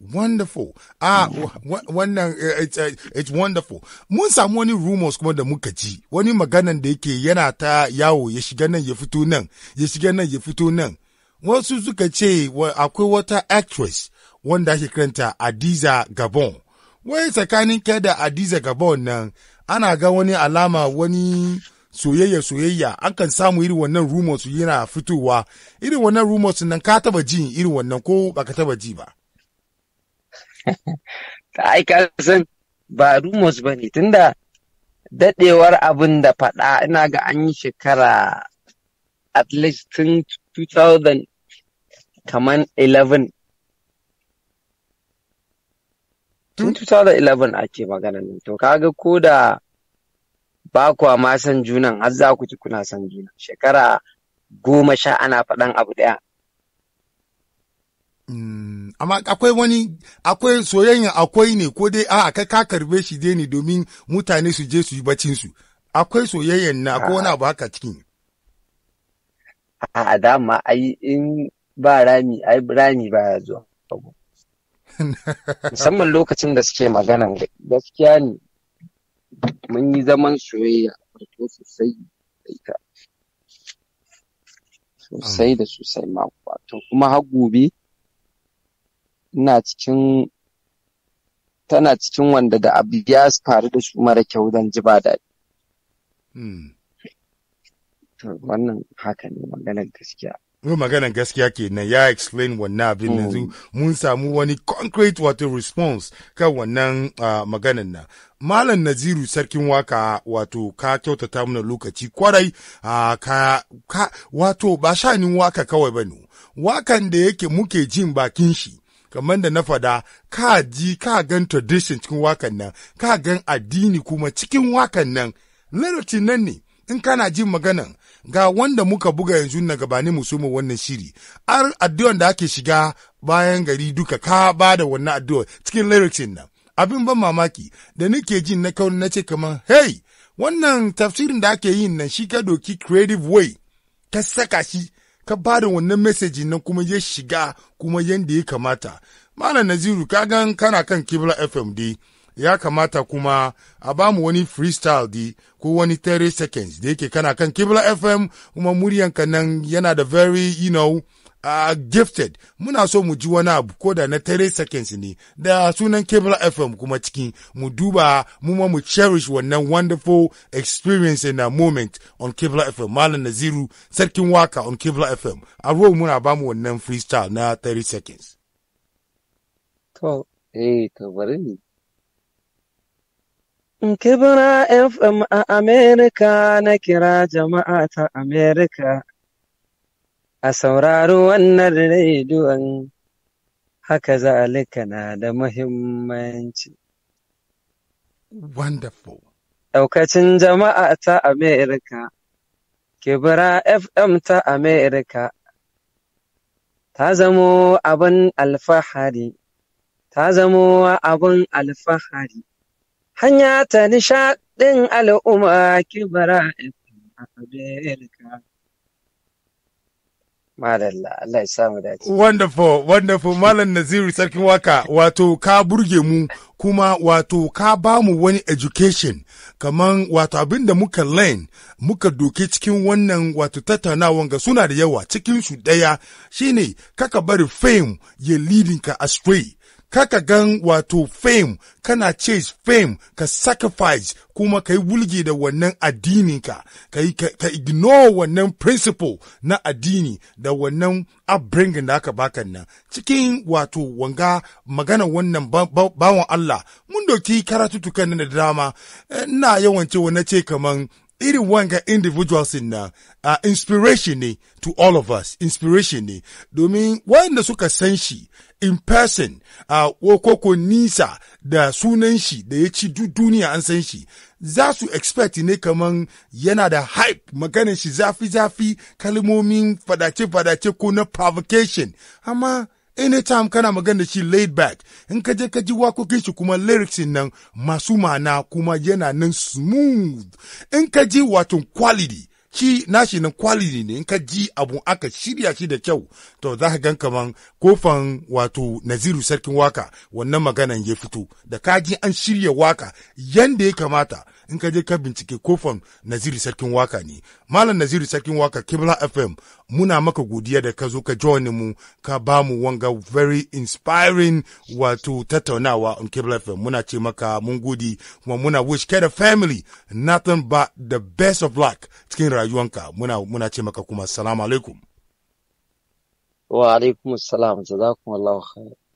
wonderful ah mm. wannan eh, eh, it's, wonderful mun samu wani rumors kuma da muka ji wani maganan da yake yana ta yawo ya shiga nan ya fito nan ya shiga nan ya fito nan wasu suka ce akwai wata actress wanda ake kiranta Adiza Gabon wai tsakanin kai da Adiza Gabon nan ana ga wani alama wani soyayya soyayya an kan samu irin wannan rumors yana fitowa irin wannan rumors nan ka taba jin irin wannan ko baka taba ji ba ai ka san ba rumors ba ne tunda dadewar abin da faɗa ina ga an yi shekara at least tun 2000 kaman 11 tun 2011 ake magana nan to kaga ko da ba kuwa ma san junan har za ku ci kuna san junan? shekara goma sha ana faɗan abu ɗaya Mm, amma akwai wani akwai soyayya akwai ne ko dai a kai ka karbe shi dai ne domin mutane su je su yi bacin su akwai soyayyan na ko wani abu haka cikin a dama ai in ba rami ai rami ba ya zo. musamman lokacin da suke maganan gaskiya ne mun yi zaman soyayya ko sosai da ita sosai da sosai ma wato kuma har gobe ina cikin tana cikin wanda da abu ya faru da su mara kyau zan ji ba daɗi. Hmm. Wannan haka ne maganar gaskiya. Yau maganar gaskiya ke nan ya explain wannan abin yanzu hmm. mun samu wani concrete wato response kan wannan maganar nan. Malam Naziru sarkin waka wato ka kyautata mana lokaci kwarai ka wato ba shanin waka kawai ba ne. Wakan da yake muke jin bakin shi kamar da na fada ka ji ka gan tradition cikin wakan nan ka gan addini kuma cikin wakan nan larabci nan ne in kana jin maganan ga wanda muka buga yanzu na gabanin mu soma wannan shiri ar addu'an da ake shiga bayan gari duka ka ba da wannan addu'a cikin larabcin nan abin ban mamaki da nake jin na kawo na ce kamar hey wannan tafsirin da ake yin nan shi ka doki creative way ka saka shi ka ba da wannan meseji nan kuma ya shiga kuma yadda ya kamata malam naziru ka gan kana kan kibla fm dai ya kamata kuma a ba mu wani freestyle di ko wani 30 seconds da yake kana kan kibla fm kuma muryanka nan yana da very you know uh, gifted muna so mu ji wani abu ko da na tare seconds ne da sunan cable fm kuma cikin mu duba mu ma mu cherish wannan wonderful experience in a moment on cable fm malam naziru sarkin waka on cable fm a ruwa muna ba mu wannan freestyle na 30 seconds to eh Kibra FM a Amerika na kira jama'a ta Amerika a sauraro wannan rediyon haka zalika na da muhimmanci. Wonderful. Daukacin jama'a ta Amerika, Kibra FM ta Amerika, ta zamo abin alfahari, ta zamo abin alfahari. Hanya ta nishaɗin al'umma Kibra FM a Amerika. Wonderful, wonderful. Malam Naziru sarkin waka, wato ka burge mu kuma wato ka ba mu wani education kaman wato abin da muka learn muka doke cikin wannan wato tattaunawan ga suna da yawa cikin su daya shine kaka bari fame ya leading ka astray. kaka gan wato fame kana chase fame ka sacrifice kuma ka yi wulge da wannan addini ka ka ignore wannan principle na addini da wannan upbringing da aka baka nan cikin wato wanga magana wannan bawan Allah mun doki karatutukan na da dama eh, ina yawan cewa na ce kaman irin wanga individuals na uh, inspiration ne to all of us inspiration ne domin wanda suka san shi in person uh, ko nisa da sunan shi da ya ci duniya an san shi za su expect ne kaman yana da hype maganin shi zafi-zafi kalmomin fadace-fadace ko na provocation amma anytime kana magana shi laid back in ka je ka ji wakokin shi kuma lyrics nan masu ma'ana kuma yana nan smooth in ka ji wato quality shi nashi nan quality ne in ka ji abu aka shirya shi da kyau to za ka gan kaman kofan wato naziru sarkin waka wannan maganan ya fito da ka ji an shirya waka yanda ya kamata in ka je ka bincike kofan naziri sarkin waka ne malam naziri sarkin waka kibla fm muna maka godiya da ka zo ka join mu ka ba mu wanga very inspiring wato tattaunawa on kibla fm muna ce maka mun gode kuma muna wish kai da family nothing but the best of luck cikin rayuwanka muna muna ce maka kuma assalamu alaikum wa alaikum salam khair